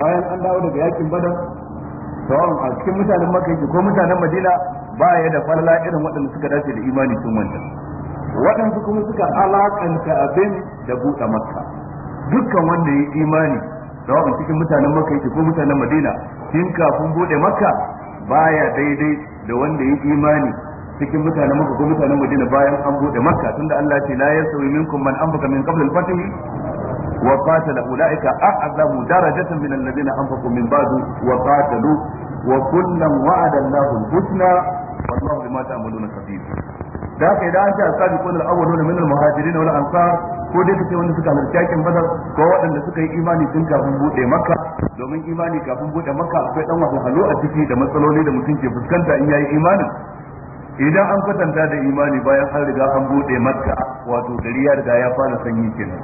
bayan an dawo daga yakin badar tawon a cikin mutanen maka yake ko mutanen madina ba ya da falala irin waɗanda suka dace da imani sun wanda waɗansu kuma suka alakanta abin da buɗe maka. dukkan wanda ya imani tawon cikin mutanen maka yake ko mutanen madina tun kafin buɗe maka, baya daidai da wanda ya imani cikin mutanen maka ko mutanen madina bayan an buɗe maka, tunda Allah ce la yasawi minkum man anfaqa min qabl al وقاتل أولئك أعظم درجة من الذين أنفقوا من بعد وقاتلوا وكلا وعد الله الحسنى والله بما تعملون خبير da haka idan an ce asabi kullu al-awwaluna min al-muhajirin wal ansar ko dai kace wanda suka halarci aikin badar ko waɗanda suka yi imani tun kafin buɗe maka, domin imani kafin bude makka akwai dan wahalhalu a ciki da matsaloli da mutum ke fuskanta in yayi imanin idan an kwatanta da imani bayan an riga an buɗe maka, wato gari ya riga ya fara sanyi kenan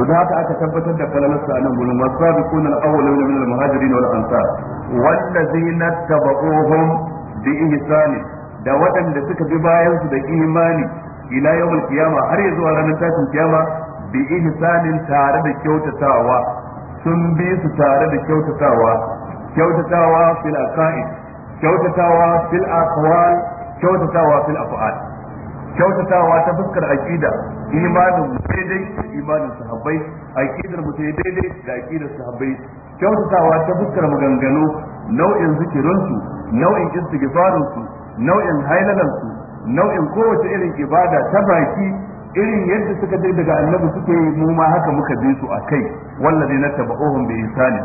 to da haka aka tabbatar da falalarsa a nan gurin wasabiqun al-awwaluna min al-muhajirin wal ansar wallazina tabaquhum bi ihsan da waɗanda suka bi bayan su da imani ila yawmul qiyama har ya zuwa ranar tashin kiyama bi ihsanin tare da kyautatawa sun bi su tare da kyautatawa kyautatawa fil aqaid kyautatawa fil aqwal kyautatawa fil af'al kyautatawa ta fuskar aqida imanin mu daidai da imanin sahabbai aqidar mu daidai da aqidar sahabbai kyautatawa ta fuskar maganganu nau'in zikirin nau'in istighfarin su nau'in hailalan su nau'in kowace irin ibada ta baki irin yadda suka dai daga annabi suke mu ma haka muka bi su akai na tabauhum bi isani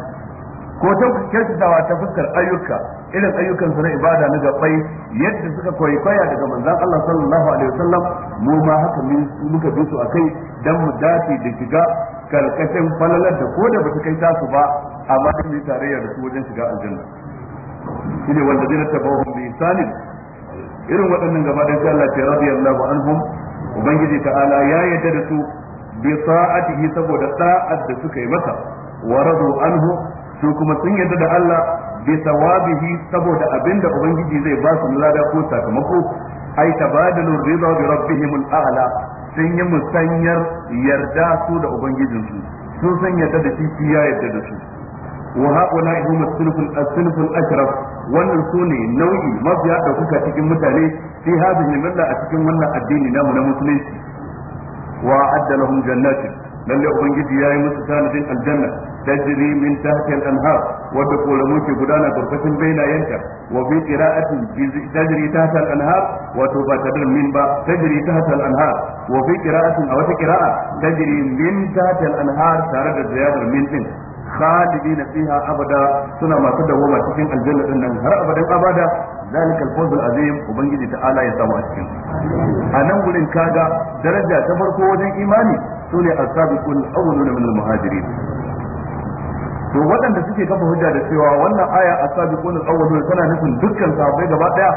ko ta kyautatawa ta fuskar ayyuka irin ayyukan su na ibada na gabai yadda suka kwaya daga manzan Allah sallallahu alaihi wasallam mu ma haka muka bi su kai dan mu dace da shiga karkashin falalar da ko da bata kai tasu ba amma dan mu tarayya da su wajen shiga aljanna shine wanda zai tabawu bi salim irin waɗannan gaba da Allah ta radiyallahu anhum ubangiji ta'ala ya yadda da su bi sa'atihi saboda sa'ad da suka yi masa wa radu anhu su kuma sun yarda da Allah bi sawabihi saboda abinda ubangiji zai ba su lada ko sakamako ai tabadalu ridha bi rabbihim al-a'la sun yi musanyar yarda su da ubangijinsu su sun yarda da shi ya yarda da su wa haula hum as-sulf ashraf wannan sune nau'i mafiya da kuka cikin mutane fi hadhihi milla a cikin wannan addini namu na musulunci wa adda lahum jannatin lalle ubangiji yayi musu tanadin aljanna tajri min tahtiha anhar wadda koramu ke gudana karkashin bainayenta wa fi qira'atin tajri tahta al-anhar wa tubatadir min ba tajri tahta anhar wa fi qira'atin aw ta qira'a tajri min tahta anhar tare da ziyadar min din khalidin fiha abada suna masu dawoma cikin aljanna din nan har abadan abada ذلك الفوز العظيم وبنجي تعالى يسامع cikin a nan gurin kaga daraja ta farko wajen imani sune as-sabiqun awwaluna min al-muhajirin to waɗanda suke kafa hujja da cewa wannan aya as-sabiqun al-awwaluna tana nufin dukkan sahabbai gaba daya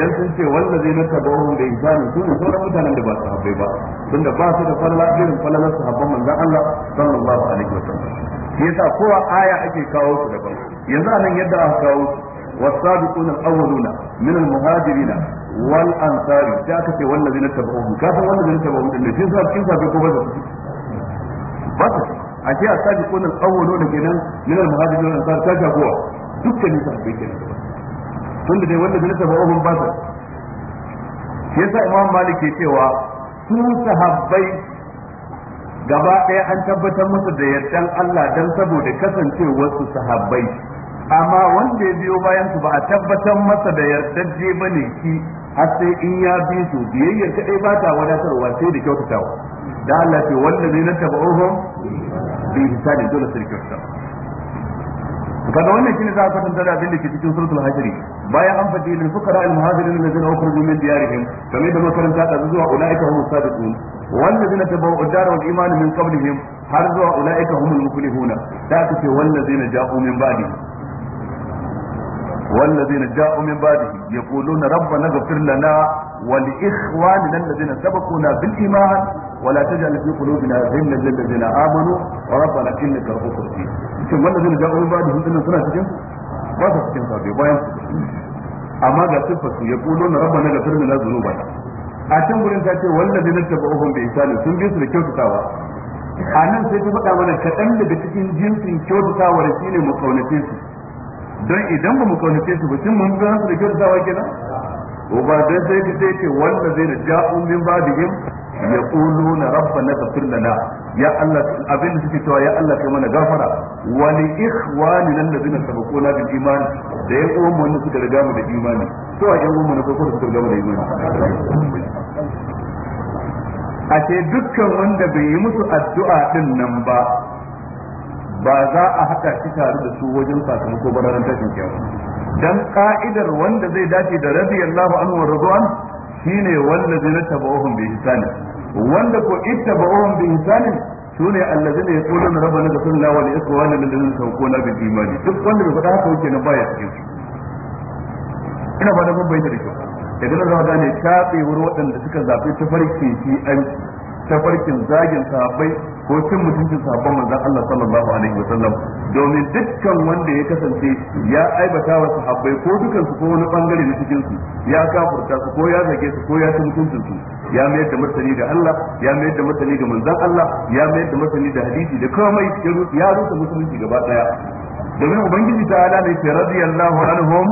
dan sun ce wallazina tabawhum bi ihsani su ne sauran mutanen da ba su sahabbai ba tunda ba su da falala irin falalar sahabban manzon Allah sallallahu alaihi wasallam shi yasa kowa aya ake kawo su daban yanzu anan yadda aka kawo su والسابقون الاولون من المهاجرين والانصار ذاك في والذين تبعوهم كافر والذين تبعوهم ان جنسا كيف بكم ba su a ce a sabi ko nan tsawolo da kenan min al muhajirin wal ansar ta jagowa dukkan su bai kenan tunda dai wanda bin sabahun ba su yasa imam malik ke cewa su sahabbai gaba ɗaya an tabbatar masa da yardan Allah dan saboda kasancewar su sahabbai amma wanda ya biyo bayan su ba a tabbatar masa da yardar je bane ki har sai in ya bi su biyayyar ɗaya ba ta wadatarwa sai da kyautatawa da Allah ce wanda zai na taba ohun bi hisabi dole sai kyauta kaga wannan shine za a kwatanta da abin da ke cikin suratul hajri bayan an fadi lil fuqara al muhajirin allazina ukhrijoo min diyarihim kamar da makaranta da zuwa ulaika humus sadiqun والذين تبوا الدار imanin min قبلهم har zuwa ulaika humul muflihuna da aka ce wallazina ja'u min ba'dihim والذين جاءوا من بعدهم يقولون ربنا اغفر لنا ولإخواننا الذين سبقونا بالإيمان ولا تجعل في قلوبنا غلا للذين امنوا وربنا انك رؤوف رحيم shin wanda zai jawo ba da hudun suna cikin ba su cikin sa bai bayan amma ga siffar su ya kulo na rabbana ga firmin na zunuba a cikin gurin ta ce wanda zai nasta ba uhun bai sani sun bi su da kyautatawa a nan sai ta faɗa mana kaɗan daga cikin jinsin kyautatawar shi ne mu kaunace su don idan ba mu kaunace su ba shin mun bi su da kyautatawa kenan ko ba dan sai ta ce wanda zai da ja'un min ba'dihim Ya yaquluna rabbana ighfir lana ya Allah abin da suke cewa ya Allah kai mana gafara Wani wa li ikhwanina alladhina sabaquna bil imani. da ya uwan mu suka riga mu da imani to a yan wani mu ko suka riga mu da imani a ce dukkan wanda bai yi musu addu'a din nan ba ba za a haɗa shi tare da su wajen sakamako ba ranar tashin kiyama dan ka'idar wanda zai dace da radiyallahu anhu wa radwan shine wallazina tabauhum bi ihsani wanda ko ittabauhum bi ihsani sune allazina yaquluna rabbana ghfir lana wa li ikhwanina alladhina sabaquna bil iman duk wanda bai faɗa haka yake na baya cikin su ina ba da mun bayyana da kyau idan za zama gane kafewar waɗanda suka zaɓi tafarkin shi an farkin zagin sahabbai ko cin mutuncin sabon manzon Allah sallallahu alaihi wasallam domin dukkan wanda ya kasance ya aibata wa sahabbai ko dukan su ko wani bangare na cikin su ya kafurta su ko ya zage su ko ya ci mutuncin su ya mayar da martani ga Allah ya mayar da martani ga manzon Allah ya mayar da martani da hadisi da komai ya rusa musulunci gaba daya domin ubangiji ta ala ne ce radiyallahu anhum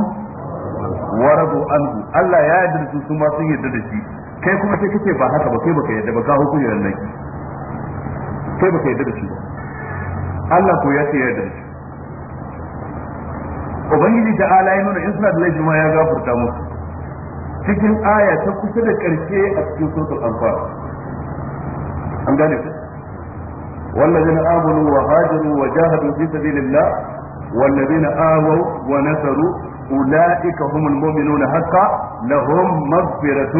wa radu anhu Allah ya yarda da su kuma sun yarda da shi kai kuma sai kace ba haka ba kai baka yarda ba ka hukunci nan kai baka yarda da shi ba Allah ko ya ce ya yarda da shi ubangiji ta ala ya nuna in suna da laifi ma ya gafarta musu cikin aya ta kusa da karshe a cikin suratul anfal an gane ku والذين آمنوا وهاجروا وجاهدوا في سبيل الله والذين آووا ونصروا أولئك هم المؤمنون حقا لهم مغفرة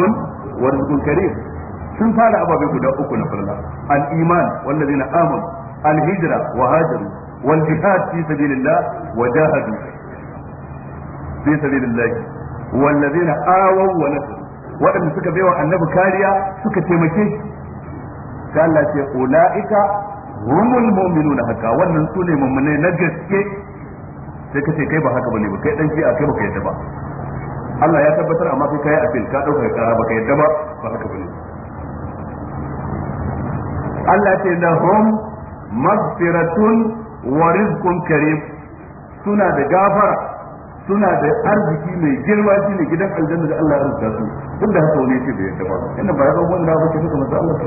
ورزق كريم sun fara ababe guda uku na farla al-iman wallazina amanu al-hijra wa hajaru wal jihad fi sabilillah wa jahadu fi sabilillah na awaw wa nasaru waɗanda suka baiwa annabi kariya suka taimake shi sai Allah ce ulaika humul mu'minuna haka wannan sune mu'minai na gaske sai ka ce kai ba haka bane ba kai dan shi a kai ba ka yadda ba Allah ya tabbatar amma kai kai a fil ka dauka ba ka yadda ba ba haka bane Allah ce lahum maghfiratun wa rizqun karim suna da gafara suna da arziki mai girma shi ne gidan aljanna da Allah ya rubuta tun da haka wani ce da yadda ba inda ba ya zo mun da ba ce suka masa Allah ta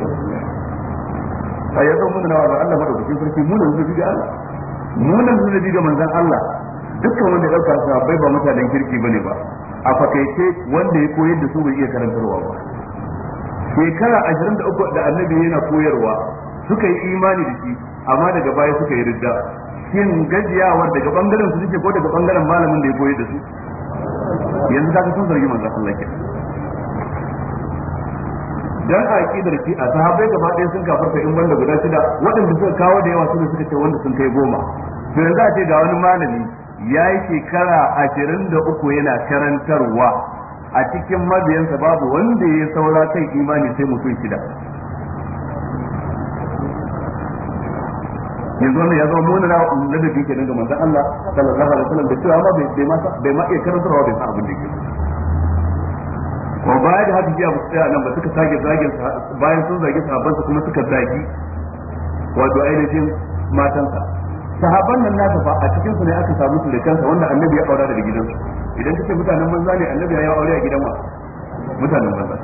ba ya zo mun da ba Allah ba da cikin sarki mun da zubi ga Allah mun da zubi ga manzon Allah dukkan wanda ya dauka bai ba mutanen kirki bane ba a fakaice wanda ya koyar da su bai iya karantarwa ba shekara ashirin da uku da annabi yana koyarwa suka yi imani da shi amma daga baya suka yi ridda shin gajiyawar daga bangaren su suke ko daga bangaren malamin da ya koyar da su yanzu ka sun zargi manzo Allah ke dan a aqidar shi a sahabbai gaba ɗaya sun kafarta in banda guda shida waɗanda suka kawo da yawa suna suka ce wanda sun kai goma to yanzu a ce ga wani malami ya yi shekara ashirin da uku yana karantarwa a cikin mabiyansa babu wanda ya saura kai imani sai mutum shida yanzu wannan ya zama nuna na ladabi ke nan ga manzan Allah sallallahu alaihi wasallam da cewa ba ma bai ma iya karantarwa bai san abin da yake ko baya da haka jiya ba a nan ba suka sage zagin bayan sun zage sahabbansa kuma suka zagi wato ainihin matansa sahabban nan nasa ba a cikin su ne aka samu su da kansa wanda annabi ya aura da gidansu idan kake mutanen banza ne annabi ya aure a gidan wa mutanen banza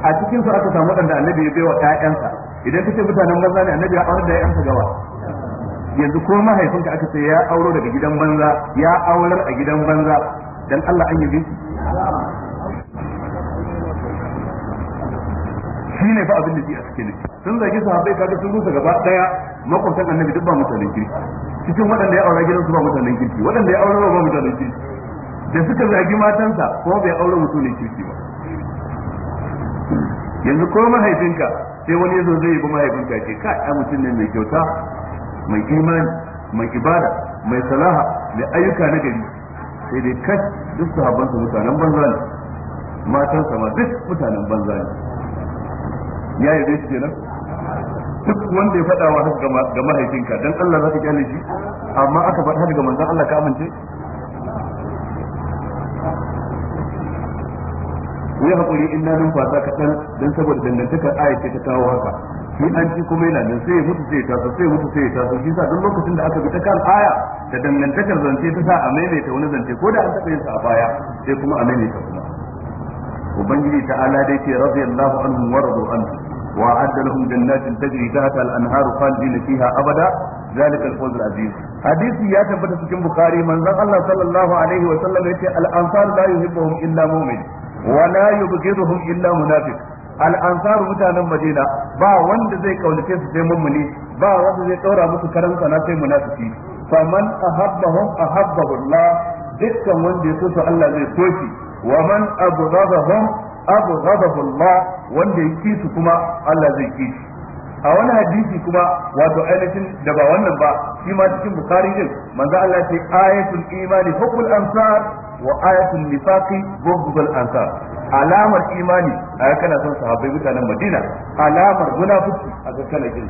a cikin su aka samu wadanda annabi ya baiwa ƴaƴansa idan kake mutanen banza ne annabi ya aure da ƴaƴansa gawa yanzu ko mahaifinka aka ce ya auro daga gidan banza ya aurar a gidan banza dan Allah an yi bi shi ne fa abin da shi a cikin ne sun zagi sahabbai kaga sun rusa gaba daya makwabtan annabi duk ba mutanen kirki cikin waɗanda ya aure gidan su ba mutanen kirki waɗanda ya aure ba mutanen kirki da suka zagi matansa ko bai aure mutum ne kirki ba yanzu ko mahaifinka sai wani yazo zai bi mahaifinka ce ka ai mutum ne mai kyauta mai imani mai ibada mai salaha mai ayyuka na gari sai dai kai duk sahabban su mutanen banza ne matansa ma duk mutanen banza ne ya yi dai kenan duk wanda ya faɗa wa haka ga mahaifinka dan Allah za ka kyale shi amma aka faɗa haka ga manzon Allah ka amince ku yi hakuri in na numfasa kaɗan don saboda dangantakar ayat ta kawo haka shi an ci kuma yana nan sai mutu sai ya sai mutu sai ya taso shi sa duk lokacin da aka bi ta kan aya da dangantakar zance ta sa a maimaita wani zance ko da an taɓa yin sa a baya sai kuma a maimaita kuma ubangiji ta ala dai ce radiyallahu anhum wa radu anhu wa adda lahum jannatin tajri tahta al-anharu khalidina fiha abada ذلك الفوز العظيم حديث ya تبت cikin bukhari manzon Allah sallallahu alaihi wa sallam yace al-ansar la yuhibbuhum illa mu'min wala yubghiduhum illa munafik? al mutanen madina ba wanda zai kaunace su sai ne? ba wanda zai daura musu karanta na sai munafiki faman ahabbahum ahabbahu Allah dukkan wanda ya so su Allah zai so shi wa man abghadahum abghadahu Allah wanda ya kisu kuma Allah zai kishi a wani hadisi kuma wato ainihin da ba wannan ba shi ma cikin bukari din manzo Allah ce ayatul imani hubbul ansar wa ayatul nifaqi hubbul ansar alamar imani a kana son sahabbai mutanen Madina alamar munafiki a kana jin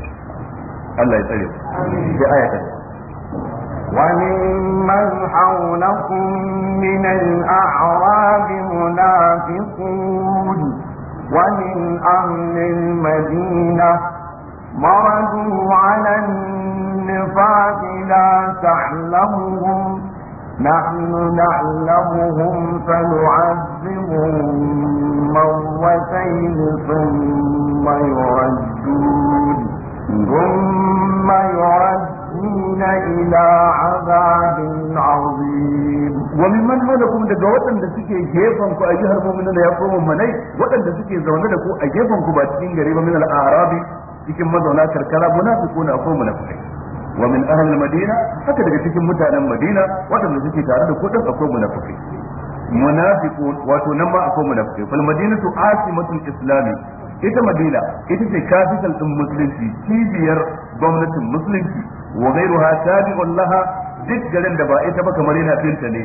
Allah ya tsare da ayatan وممن حولكم من الأعراب منافقون ومن أهل المدينة مرضوا على النفاق لا تعلمهم نحن نعلمهم فنعذبهم مرتين ثم يردون ثم يردون إلى عذاب عظيم وممن حولكم daga waɗanda suke gefen ku a jihar mu'minin ya koma manai waɗanda suke zaune da ku a gefen ku ba cikin gari ba min al-arabi cikin mazauna karkara munafiquna akwai munafikai wa min ahli madina haka daga cikin mutanen madina wadanda suke tare da kudin akwai munafikai munafiqun wato nan ba akwai munafikai fal madinatu asimatul islami ita madina ita ce capital din musulunci cibiyar gwamnatin musulunci wa ghayruha tabi'un laha duk garin da ba ita ba kamar yana finta ne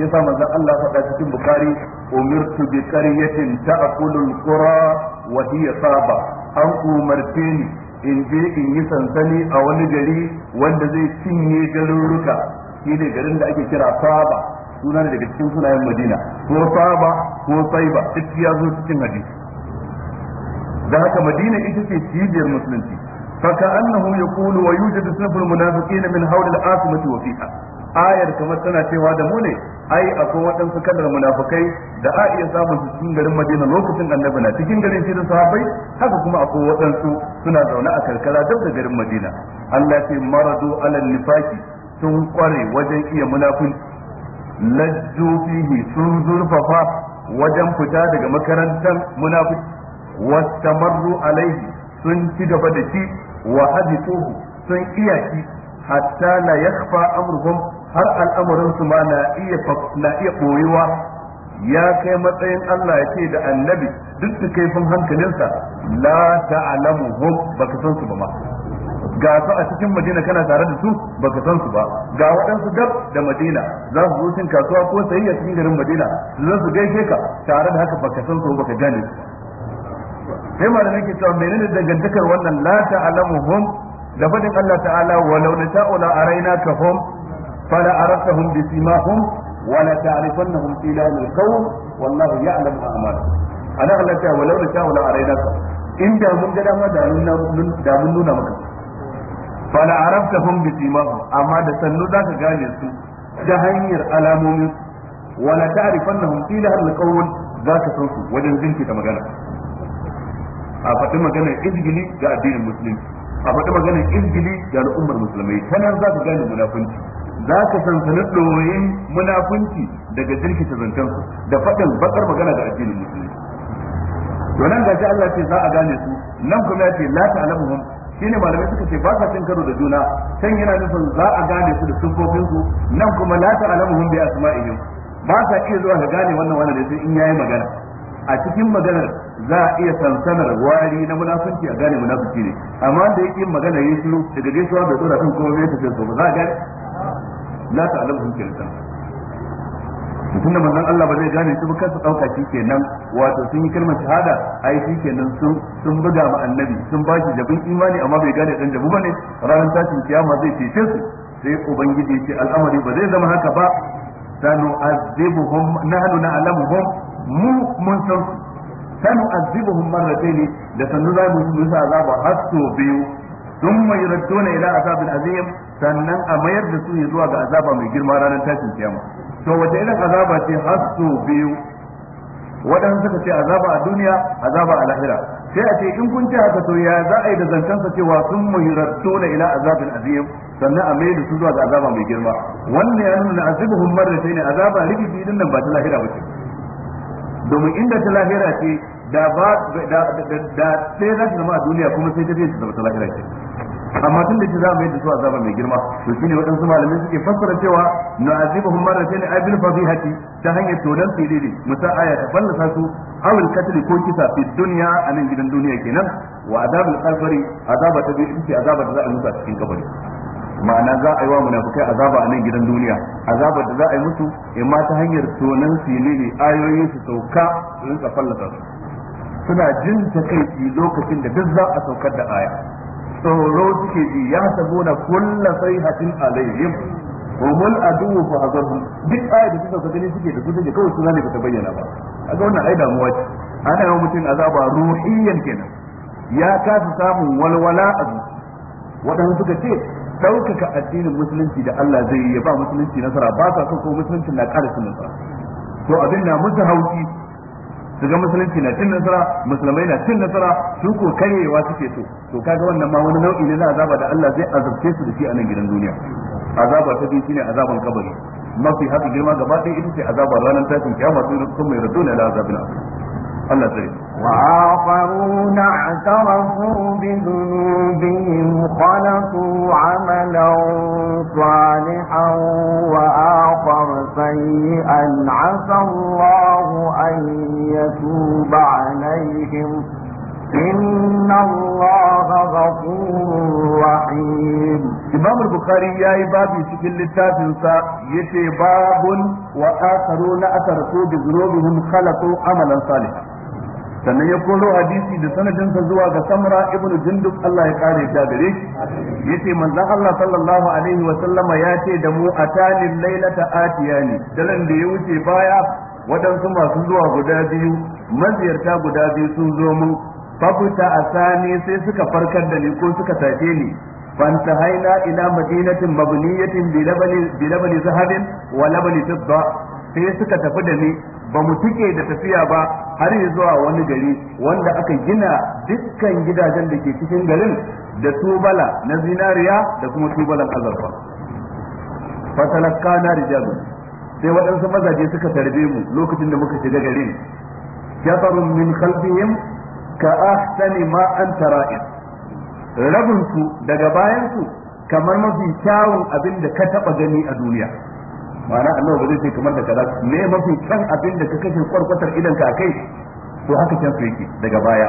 yasa manzo Allah faɗa cikin bukari umirtu bi qaryatin ta'kulul qura wa hiya saba an umarce ni in je in yi sansani a wani gari wanda zai cinye garuruka shi ne garin da ake kira saba suna daga cikin sunayen madina ko saba ko saiba duk ya zo cikin hadisi da haka madina ita ce cibiyar musulunci فكأنه يقول ويوجد سنف المنافقين من حول العاصمة وفيها ayar kamar tana cewa da mu ne ai akwai waɗansu kadar munafukai da a iya samun su cikin garin Madina lokacin annabi na cikin garin cikin sahabbai haka kuma akwai waɗansu suna zaune a karkara duk da garin Madina Allah ce maradu alal nifaki sun kware wajen iya munafin lajju fihi sun zurfafa wajen fita daga makarantar munafici wastamarru alaihi sun ci gaba da shi wa hadithuhu sun iya shi hatta la yakhfa amruhum har al'amarin su ma na iya na iya ya kai matsayin Allah ya ce da annabi duk da kaifin hankalinsa la hum baka san su ba ma ga su a cikin madina kana tare da su baka san su ba ga waɗansu gab da madina za su zo cin kasuwa ko sayayya cikin garin madina za su gaishe ka tare da haka baka san su baka gane su sai malamin nake cewa menene dangantakar wannan la hum da faɗin Allah ta'ala walau a raina ka hum fala arafahum bi simahum wa la ta'rifannahum fi lawmil qawl wallahu ya'lamu a'malahum ana Allah ta walau da sha wala araidaka inda mun ga dama da mun da mun nuna maka fala arafahum bi simahum amma da sannu za ka gane su ta hanyar alamomin wa la ta'rifannahum fi lawmil qawl za ka san su wajen zinki magana a faɗi maganar izgili ga addinin musulunci a faɗi maganar al'ummar musulmai ta nan gane munafunci za ka sansani ɗoyin munafunci daga jirkita zancensu da faɗin bakar magana da addinin musulmi to nan gashi Allah ce za a gane su nan kuma ya ce la ta'lamuhum shine malamai suka ce ba sa cin karo da juna can yana nufin za a gane su da sufofin su nan kuma la ta'lamuhum bi asma'ihim ba sa iya zuwa ga gane wannan wannan da sai in ya yi magana a cikin maganar za a iya sansanar wari na munafunci a gane munafunci ne amma da yake yin magana yayi shiru da gaisuwa da tsora kan kuma bai tafi ba za a gane la ta'lamu kirta mutum da manzon Allah ba zai gane su ba kansu dauka kenan wato sun yi kalmar shahada ai kenan sun sun buga ma annabi sun ba shi jabin imani amma bai gane dan jabu bane ranar tashin kiyama zai cece su sai ubangiji ya ce al'amari ba zai zama haka ba sanu azibuhum nahnu na'lamuhum mu mun san sanu azibuhum marratayn da sanu za mu musu azaba har biyu thumma yuradduna ila azabil azim sannan a mayar da su zuwa ga azaba mai girma ranar tashin kiyama to wace irin azaba ce har su biyu waɗansu suka ce azaba a duniya azaba a lahira sai a ce in kun ce haka to ya za a yi da zancensa cewa sun muhirattu na ila azabin azim sannan a mayar da su zuwa ga azaba mai girma wannan ya nuna azibuhum ne azaba rigibi din nan ba ta lahira ba ce domin inda ta lahira ce da ba da za zama a duniya kuma sai ta je ta zama ta lahira amma tun da shi za mu yi da su azaba mai girma to shine waɗansu malamai suke fassara cewa na aziba hum marratayn abil fadihati ta hanyar tonan sirri musa aya ta fallasa su awil katli ko kisa fi duniya a nan gidan duniya kenan wa azabul qabri azaba ta biyu ce azaba da za a musa cikin kabari ma'ana za a yi wa munafukai azaba a nan gidan duniya azaba da za a yi musu imma ta hanyar tonan silili ayoyin su sauka su rinka fallasa su suna jin takaici lokacin da duk za a saukar da aya tsoro suke ji ya sabuna kullu sayhatin alaihim humul aduwwu fa hazarhum duk aya da suka gani suke da kudin kawai suna ne ta bayyana ba kaga wannan ai damuwa ce ana yawan mutum azaba ruhiyyan kenan ya kasa samun walwala a zuci waɗanda suka ce ɗaukaka addinin musulunci da Allah zai yi ya ba musulunci nasara ba sa so ko musulunci na ƙara nasara to abin na musu hauki su ga musulunci na cin nasara musulmai na cin nasara su ko karyewa suke so to kaga wannan ma wani nau'i ne na azaba da Allah zai azabce su da shi a nan gidan duniya azaba ta biyu shine azaban kabari mafi haɗu girma gaba ɗaya ita ce azabar ranar tashin kiyama sun mai radona da azabin Allah tsare وآخرون اعترفوا بذنوبهم خلقوا عملا صالحا وآخر سيئا عسى الله أن يتوب عليهم إن الله غفور رحيم إمام البخاري يا باب يشكل للتابنسا يتي باب وآخرون أتركوا بذنوبهم خلقوا عملا صالحا sannan ya koro hadisi da sanadinsa zuwa ga samra ibnu jundub Allah ya kare ta gare shi yace manzon Allah sallallahu alaihi wa sallama ya ce da mu atalil lailata atiyani daren da ya wuce baya waɗansu masu zuwa guda biyu maziyarta guda biyu sun zo mu fabuta asani sai suka farkar da ni ko suka tashe ni فانتهينا الى مدينه مبنيه بلبن بلبن ذهب ولبن فضه sai suka tafi da ni ba mu tike da tafiya ba har zuwa wani gari wanda aka gina dukkan gidajen da ke cikin garin da tubala na zinariya da kuma tubalan azurfa fatalakka na rijalu sai waɗansu mazaje suka tarbe mu lokacin da muka shiga garin jafarun min khalfihim ka ahsani ma an tara'in rabin su daga bayansu kamar mafi kyawun abin da ka taɓa gani a duniya ma'ana Allah ba zai ce kamar da kaza ne mafi kan abin da ka kashe kwarkwatar idan ka kai to haka can su yake daga baya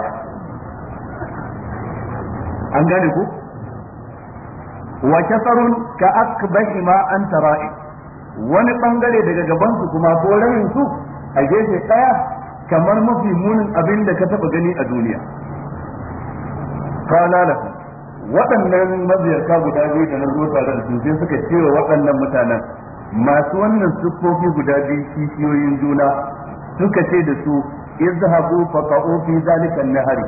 an gane ku wa kasarun ka akbahi ma an tara'i wani bangare daga gaban su kuma ko rayin su a gefe daya kamar mafi munin abin da ka taba gani a duniya qala waɗannan maziyarta guda biyu da na zo tare da su sai suka cewa waɗannan mutanen masu wannan siffofi guda biyu kishiyoyin juna suka ce da su izhabu faqa'u fi zalika nahari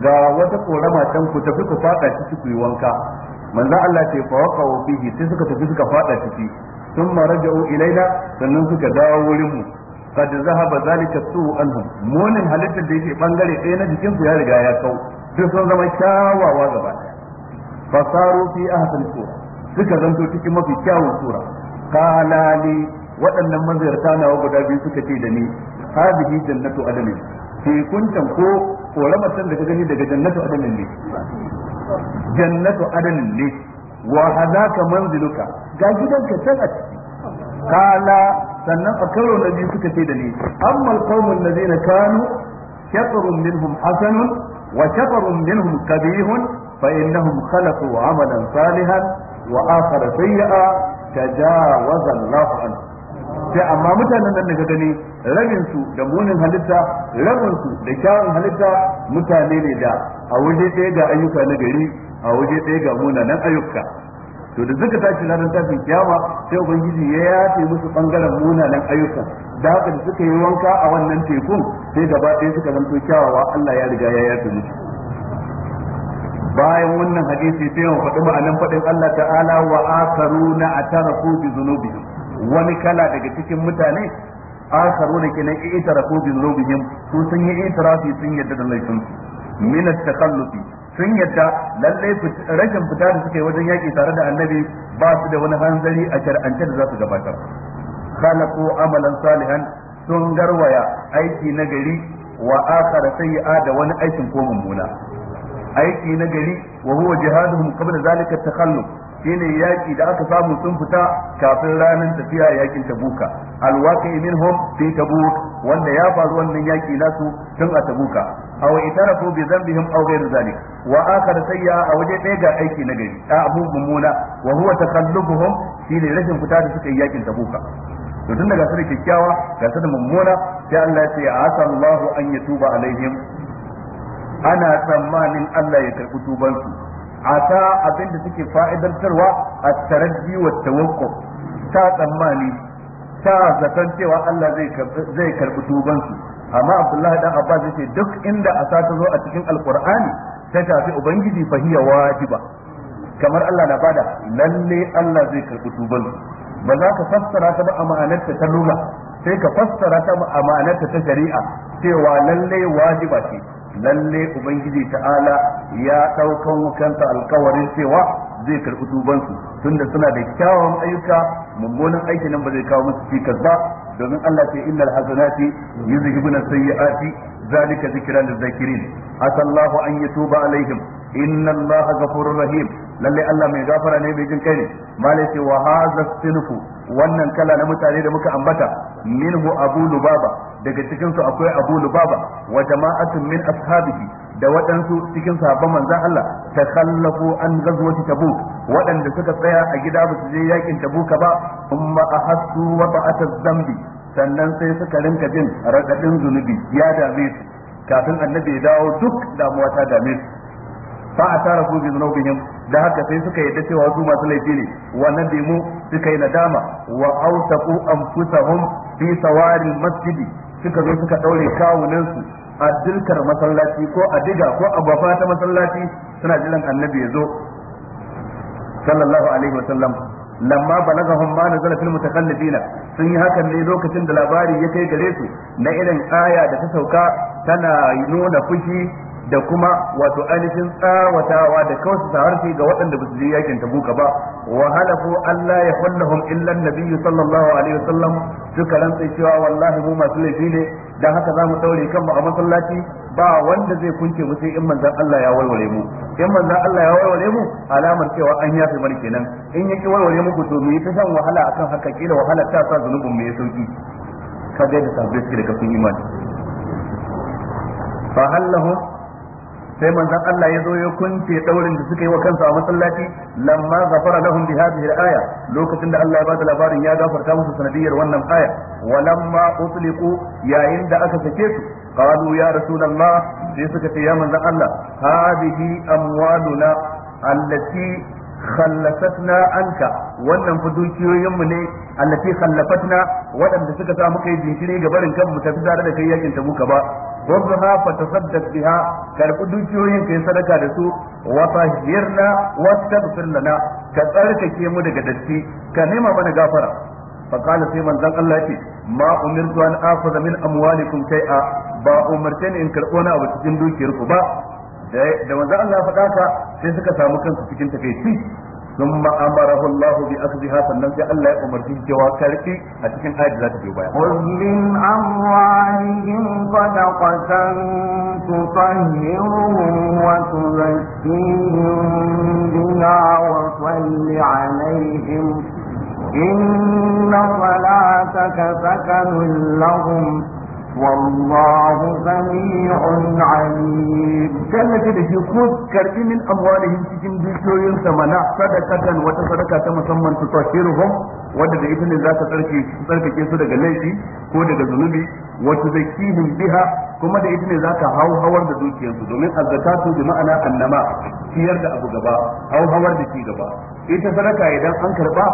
ga wata korama can ku tafi ku fada ciki ku yi wanka manzo Allah ce fa waqa'u fihi sai suka tafi suka fada ciki sun raja'u ilaina sannan suka dawo wurin mu qad zahaba zalika su anhum munin halittar da yake bangare ɗaya na jikin ku ya riga ya kau duk sun zama kyawawa gaba fasaru fi ahsan sura suka zanto cikin mafi kyawun sura Kala ne waɗannan maziyarta nawa guda biyu suka ce da ni hadhihi jannatu adanin ke kuntan ko koramatan da ka gani daga jannatu adanin ne jannatu adanin ne wa hadaka manziluka ga gidanka can a ciki Kala sannan a karo na biyu suka ce da ni amma na zai na kanu shatrun minhum hasanun wa shatrun minhum kabihun fa innahum khalaqu amalan salihan wa akhara sayya'a tajawaza Allahu an sai amma mutanen nan daga gani rabin su da munin halitta rabin su da kyawun halitta mutane ne da a waje ɗaya ga ayyuka na gari a waje ɗaya ga munanan ayyuka to da suka tashi ranar tafin kiyama sai ubangiji ya yafe musu bangaren munanan ayyuka. da haka da suka yi wanka a wannan tekun sai gaba ɗaya suka zanto kyawawa Allah ya riga ya yafe musu bayan wannan hadisi sai ya faɗi ma'anan faɗin Allah ta'ala wa akaruna atarafu bi dhunubihim wani kala daga cikin mutane akharuna kenan i'tarafu bi zunubihim su sun yi itirafi sun yadda da laifin su min at-takhallufi sun yadda lalle rashin fita da suke wajen yaki tare da annabi ba su da wani hanzari a shar'ance da za su gabatar khalaqu amalan salihan sun garwaya aiki na gari wa akhara sayi'a da wani aikin ko mummuna aiki na gari wa huwa jihaduhum qabla zalika takhallum shine yaki da aka samu sun fita kafin ranar tafiya yakin tabuka alwaqi minhum fi tabuk wanda ya faru wannan yaki nasu tun a tabuka aw itarafu bi dhanbihim aw ghayr zalik wa akhar sayya a waje ɗaya ga aiki na gari da abu mummuna wa huwa takallubuhum shine rashin fita da suka yi yakin tabuka to tun daga su da kyakkyawa ga su da mummuna sai Allah ya ce asallahu an yatuba alaihim ana tsammanin Allah ya karɓi tubansu ta abin da suke fa'idantarwa a taraddi wa tawakkuf ta tsammani ta zaton cewa Allah zai karɓi tubansu amma Abdullahi dan Abbas yace duk inda asa ta zo a cikin Alqur'ani ta tafi ubangiji fa hiya wajiba kamar Allah na bada lalle Allah zai karɓi tubansu ba za ka fassara ta ba a ma'anarta ta nuna, sai ka fassara ta a ma'anarta ta shari'a cewa lalle wajiba ce lalle ubangiji ta'ala ya daukan kansa alkawarin cewa zai karbi dubansu tunda suna da kyawawan ayyuka mummunan aiki nan ba zai kawo musu cikas ba domin Allah ce innal hasanati yuzhibuna sayyi'ati zalika zikran lizakirin asallahu an yatuba alaihim inna Allah ghafurur rahim lallai Allah mai gafara ne mai jin kai ne malai ce wa wannan kala na mutane da muka ambata minhu abu lubaba daga cikinsu akwai abu lubaba wa jama'atun min ashabihi da waɗansu cikin sahabban manzon Allah takhallafu an ghazwati tabuk waɗanda suka tsaya a gida ba su je yakin tabuka ba umma ahassu wa ba'ata zambi sannan sai suka bin jin radadin zunubi ya dame su kafin annabi ya dawo duk damuwa ta dame su fa tara su bin zunubihim da haka sai suka yadda cewa su masu laifi ne wa nadimu suka yi nadama wa awsaqu anfusahum fi sawari masjidi suka zo suka daure kawunan su a dilkar masallaci ko a diga ko a bafa ta masallaci suna jiran annabi ya zo sallallahu alaihi wa sallam. lamma balagahum ma nazala fil mutakallifina sun yi hakan ne lokacin da labari ya kai gare su na irin aya da ta sauka tana nuna fushi da kuma wato ainihin tsawatawa da kawai harfi ga waɗanda ba su je yakin tabuka ba wa halafu Allah ya kullahum illa nabiyyu sallallahu alaihi wasallam suka rantsa cewa wallahi mu masu laifi ne dan haka zamu daure mu a masallaci ba wanda zai kunce mu sai in manzon Allah ya warware mu in manzon Allah ya warware mu alamar cewa an yafe mana kenan in yake warware muku to mu yi ta shan wahala akan haka kila wahala ta sa zunubin mu ya sauki Ka kaga da sabbi da kafin imani fa hallahu sai manzon Allah ya zo ya kunce daurin da suka yi wa kansa a masallaci lamma ghafara lahum bi hadhihi al-aya lokacin da Allah ya bada labarin ya gafarta musu sanadiyar wannan aya walamma utliqu yayin da aka sake su qalu ya rasulullah sai suka ce ya manzon Allah hadhihi amwaluna allati khallasatna anka wannan fa dukiyoyin mu ne allati khallafatna waɗanda suka sa muka yi jinkiri ga barin kanmu tafi tare da kai yakin muka ba wanzuha fa tasaddaq biha karbi dukiyoyin kai sadaka da su wa tahirna wa taghfir lana ka tsarkake mu daga datti ka nema mana gafara fa qala sai manzon Allah ce ma umirtu an akhudha min amwalikum shay'a ba ni in karɓo na abu cikin dukiyarku ba da manzo Allah ya faɗa ka sai suka samu kansu cikin takeici Allahu bi الله باخذها sannan sai Allah ya umarci cewa karfi a cikin ayat za ta biyo baya qul min amwalihim sadaqatan tutahhiruhum wa tuzakkihim biha wa salli na inna salataka sakanun lahum والله سميع عليم كان كده في خذ كرب من أموالهم تجم بيشوين ثمنا صدقة وتصدقة تمسمى تطهيرهم wadda da ita ne za ta tsarkake su daga laifi ko daga zunubi wata zakihim biha kuma da ita ne za ta hauhawar da dukiyarsu domin azzakatu bi ma'ana annama ciyar da abu gaba hauhawar da ci gaba ita sadaka idan an karba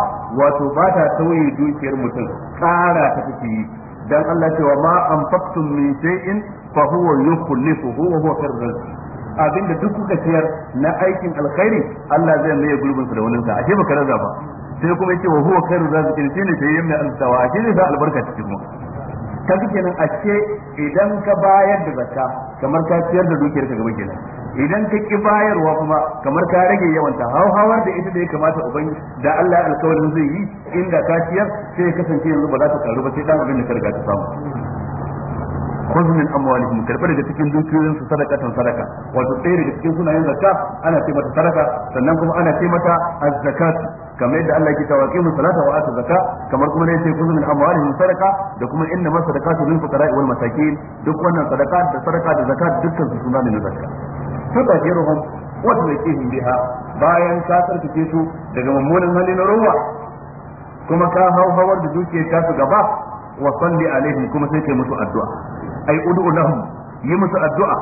wato ba ta tauye dukiyar mutum tsara ta take yi dan Allah cewa ma anfaqtum min shay'in fa huwa yukhlifuhu wa huwa khairur abinda duk kuka ciyar na aikin alkhairi Allah zai maye gulbin sa da wani sa ashe baka raza ba sai kuma yace wa huwa khairur raziqin shine sai yamma alsawa ashe ne albarka cikin mu kaga kenan ashe idan ka bayar da zakka kamar ka ciyar da dukiyar ka gaba kenan idan ka ki bayarwa kuma kamar ka rage yawanta hauhawar da ita da ya kamata uban da Allah alkawarin zai yi inda ka ciyar sai ya kasance yanzu ba za ta karu ba sai dan abin da ka riga ta samu khudh min amwalihim karba daga cikin dukiyoyin su sadaqatan sadaka, wato ɗaya daga cikin sunayen zakka ana ce mata sadaka sannan kuma ana ce mata az kamar yadda Allah ke cewa salata wa atu zaka kamar kuma ne sai kullu min amwalihim sadaqa da kuma inna ma sadaqatu lil fuqara'i wal masakin duk wannan sadaqa da sadaqa da zakat dukkan su suna ne na zakka tadahiruhum wa tuqihim biha bayan ka tsarkake su daga mummunan hali na ruwa kuma ka hau hawar da dukiyar ta su gaba wa salli alaihim kuma sai kai musu addu'a ai ud'u lahum yi musu addu'a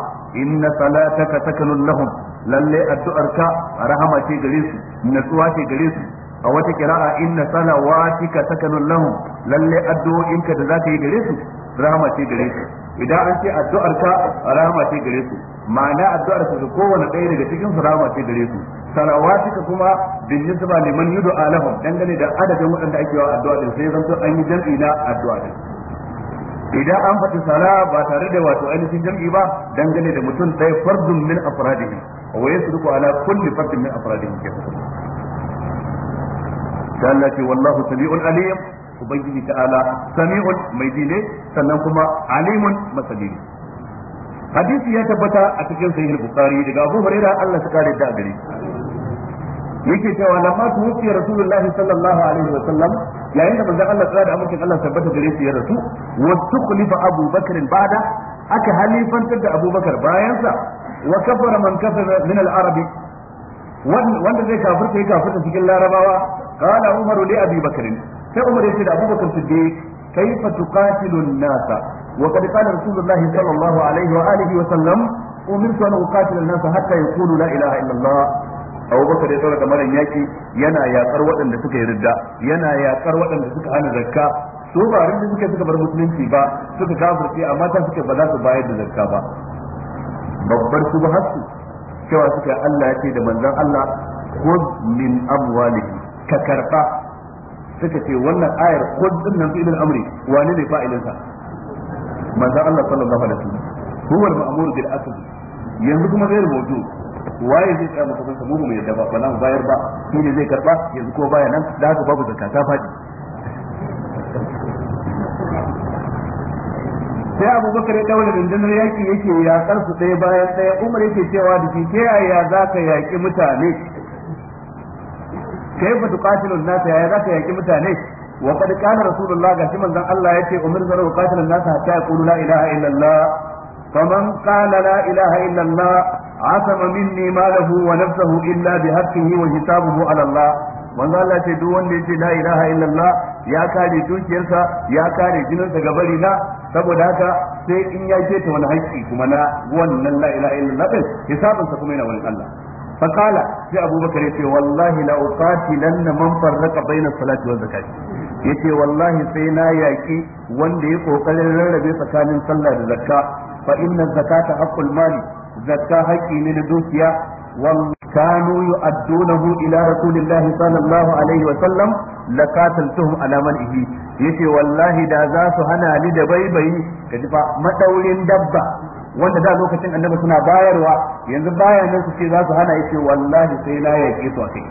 inna salataka sakanun lahum lalle addu'arka rahama ce gare su natsuwa ce gare su a wata kira'a inna salawatika sakanun lahum lalle addu'o'inka da zaka yi gare su rahama ce gare su idan an ce addu'ar ka rahama ce gare su ma'ana addu'ar su ga kowane ɗaya daga cikin su rahama ce gare su salawatika kuma bin nisba liman yud'a lahum dangane da adadin waɗanda ake wa addu'a din sai zanto an yi jam'i na addu'a din idan an faɗi sala ba tare da wato ainihin jam'i ba dangane da mutum ɗaya fardun min afradihi wa yasduqu ala kulli fardin min afradihi kenan ta Allah ce wallahu sami'un alim ubangiji ta'ala sami'un mai dine sannan kuma alimun masani hadisi ya tabbata a cikin sahih bukhari daga Abu Hurairah Allah ya kare da gare yake cewa lamma tuwfi rasulullahi sallallahu alaihi wa sallam yayin da manzon Allah tsara da amincin Allah tabbata gare shi ya rasu wa tukhlifa Abu Bakr ba'da aka halifantar da Abu Bakar bayansa wa kafara man kafara min al-arabi wanda zai kafirta ya kafirta cikin larabawa qala umaru li abi bakrin, sai umar ya ce da abubakar siddiq kaifa tuqatilu an-nasa wa qad qala rasulullah sallallahu alaihi wa alihi wa sallam umirtu an uqatila an-nasa hatta yaqulu la ilaha illa allah abubakar ya sauraka maran yaki yana yakar waɗanda suka yi ridda yana yakar waɗanda suka hana zakka su ba rinda suka suka bar musulunci ba suka kafirce amma ta suke ba za su bayar da zakka ba babbar su ba su. cewa suka Allah ya ce da manzan Allah khudh min amwalihi ka karba suka ce wannan ayar khudh din nan fi'il amri wani ne fa'ilin sa manzon Allah sallallahu alaihi wasallam huwa al-ma'mur bil asl yanzu kuma zai rubutu waye zai tsaya maka kansa mu mu yadda ba ba bayar ba shi ne zai karba yanzu ko baya nan da haka babu zakata fadi sai abubakar ya daula rundunar yaki yake yakar su ɗaya bayan ɗaya umar yake cewa da ke ke yaya za ka yaƙi mutane kai fa tuqatilun nasa yaya za ka yaƙi mutane wa qad qala rasulullah ga shi manzon Allah yace umar zara tuqatilun nasa hatta yaqulu la ilaha illa faman qala la ilaha illa allah asama minni malahu wa nafsahu illa bihaqqihi wa hisabuhu ala allah manzo Allah ce duk wanda yace la ilaha illallah ya kare dukiyarsa ya kare jininsa ga bari na saboda haka sai in ya je ta wani haƙƙi kuma na wannan la ilaha illallah din sa kuma yana wani Allah fakala sai abubakar ya ce wallahi la uqatilanna man farraqa bayna salati wa zakati yace wallahi sai na yaƙi wanda ya kokarin rarrabe tsakanin sallar da zakka fa inna zakata haqqul mali zakka haqqi ne na dukiya wa kanu yu'addunahu ila rasulillahi sallallahu alaihi wa sallam tuhum ala ihi yace wallahi da za su hana ni da baibayi ka ji fa madaurin dabba wanda da lokacin annabi suna bayarwa yanzu bayanan su ce za su hana yace wallahi sai na yake su akai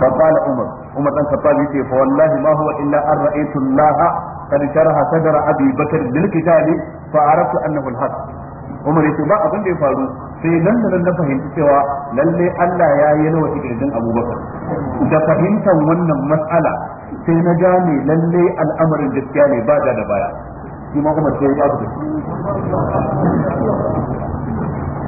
fa qala umar umar dan khattab yace fa wallahi ma huwa illa an ra'aytu allaha قد شرح صدر ابي بكر للقتال فعرفت انه الحق Umar yace ba abin da ya faru sai nan da nan na fahimci cewa lalle Allah ya yi na wata kirjin Abubakar da fahimtar wannan matsala sai na gane lalle al'amarin gaskiya ne ba da baya shi ma kuma sai ya ba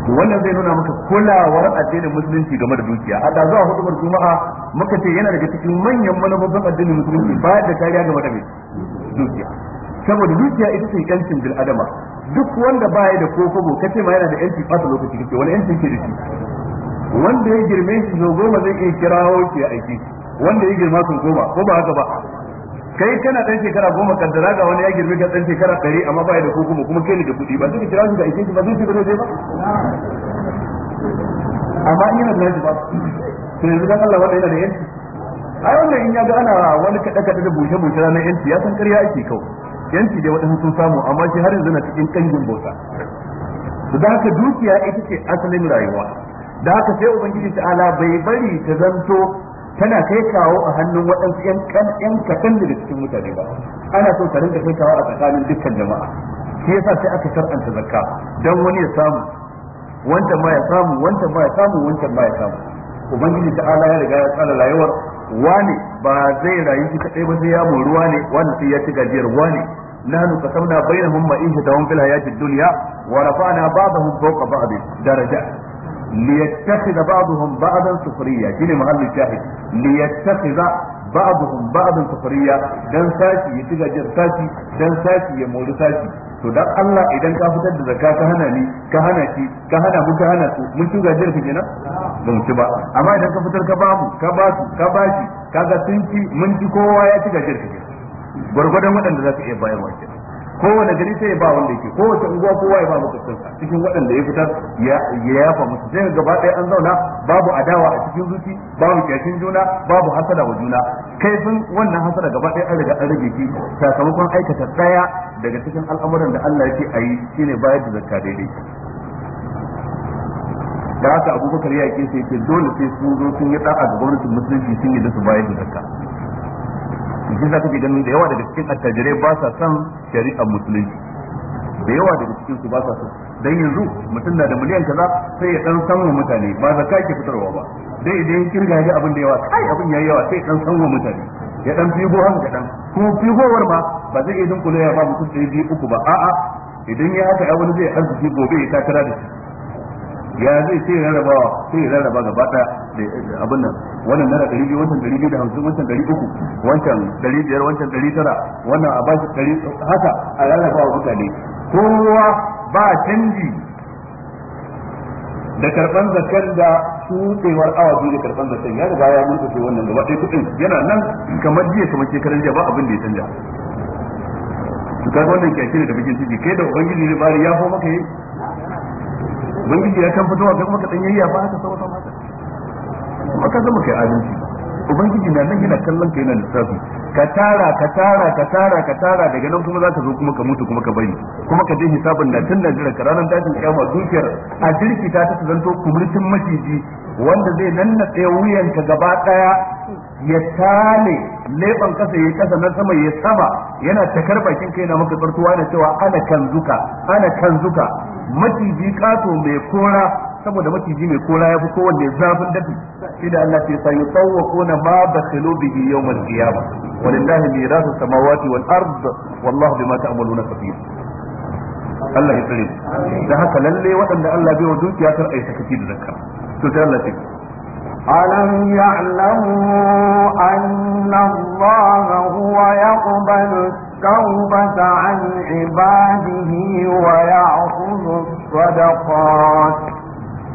wannan zai nuna maka kulawar addinin musulunci game da dukiya a da zuwa hudumar juma'a muka ce yana daga cikin manyan manufofin addinin musulunci ba da kariya game da dukiya saboda dukiya ita ce yancin bil adama duk wanda baya da kokobo kace ma yana da yanci fata lokaci kake wani yanci ke da shi wanda ya girme shi zo goma zai iya kirawo shi aiki wanda ya girma sun goma ko ba haka ba kai kana dan shekara goma kaddara ga wani ya girme ka dan shekara ɗari amma baya da kokobo kuma kai ne da kuɗi ba zai kira shi da aiki ba zai ci ba zai ba amma ina da shi ba to yanzu dan Allah wanda yana da yanci ai wannan in ya ga ana wani kada kada da bushe bushe na yanci ya san ƙarya ake kawai yanci da waɗansu sun samu amma shi har yanzu na cikin kangin bauta da haka dukiya ita ce asalin rayuwa da haka sai ubangiji ta'ala bai bari ta zanto tana kai kawo a hannun waɗansu yan kaɗan daga cikin mutane ba ana so ta rinka kai kawo a tsakanin dukkan jama'a shi yasa sai aka shar'anta zakka dan wani ya samu wancan ma ya samu wancan ma ya samu wancan ma ya samu ubangiji ta'ala ya riga ya tsara rayuwar wane ba zai rayu shi kadai ba sai ya mu ruwa ne wanda sai ya ci gajiyar wane nahnu qasamna bainahum ma'ishatahum fil hayatid dunya wa rafa'na ba'dahum fawqa ba'd darajat liyattakhidha ba'dahum ba'dan sufriya shine mahallin shahid liyattakhidha ba'dahum ba'dan sufriya dan saki ya ci gajiyar saki dan saki ya mori saki to dan Allah idan ka fitar da zakka ka hana ni ka hana shi ka hana mu ka hana su mun ci gajiyar ku kenan ba mu ci ba amma idan ka fitar ka ba mu ka ba su ka ba shi kaga sun ci mun ci kowa ya ci gajiyar ku kenan gwargwadon waɗanda za su iya bayarwa kenan kowane gari sai ya ba wanda yake kowace unguwa kowa ya ba sa cikin waɗanda ya fitar ya yafa musu sai gaba ɗaya an zauna babu adawa a cikin zuci babu kyashin juna babu hasada wa juna Kai sun wannan hasada gaba ɗaya an riga an rage shi sakamakon aikata ɗaya daga cikin al'amuran da Allah yake a yi shine bayar da zakka daidai da haka abubakar ya ke sai ke dole sai sun zo sun yi ɗa'a ga gwamnatin musulunci sun yi da su bayar da zakka shi za kake ganin da yawa daga cikin attajirai ba sa son shari'ar musulunci da yawa daga cikin su ba sa son dan yanzu mutum na da miliyan kaza sai ya dan sanwa mutane ba za ka ke fitarwa ba dai idan kirga ya abin da yawa kai abin yayi yawa sai dan sanwa mutane ya dan figo haka kadan kuma figowar ma ba zai iya kula ya ba mutum sai biyu uku ba a'a idan ya haka ya wani zai arziki gobe ya takara da shi ya zai sai rarrabawa sai rarraba gaba da abin nan wannan naira ɗari biyu wancan ɗari biyu da hamsin wancan ɗari uku wancan ɗari biyar wancan ɗari tara wannan a bashi ɗari haka a wa mutane kowa ba canji da karɓan zakar da shuɗewar awa biyu da karɓar zakar ya riga ya mulkuce wannan gaba ɗaya kuɗin yana nan kamar jiya kamar shekaran jiya ba abin da ya canja su kaga wannan kyashi da bikin ciki kai da ubangiji ne bari ya fa maka yi ubangiji ya kan fitowa ga kuma ka ya ba haka sauran haka kuma ka zama kai adalci ubangiji na nan yana kallon ka yana lissafi ka tara ka tara ka tara ka tara daga nan kuma za ka zo kuma ka mutu kuma ka bari kuma ka je hisabin da tun Najeriya ka ranar tashin kiyama dukiyar a jirki ta ta zanto kumurcin maciji wanda zai wuyan ka gaba daya ya tale leban kasa ya kasa na sama ya sama yana takar bakin kai na maka tsartuwa na cewa ana kanzuka ana kanzuka maciji kato mai kora saboda maciji mai kora ya fi kowanne zafin dafi shi da Allah ce sai yutawwaquna ma ba bakhilu bihi yawm al-qiyamah walillahi mirasu samawati wal ard wallahu bima ta'maluna khabir Allah ya tsare da haka lalle waɗanda Allah bai wa dukiya kar ai sakaci da zakka to sai Allah ya ألم يعلموا أن الله هو يقبل التوبة عن عباده ويأخذ الصدقات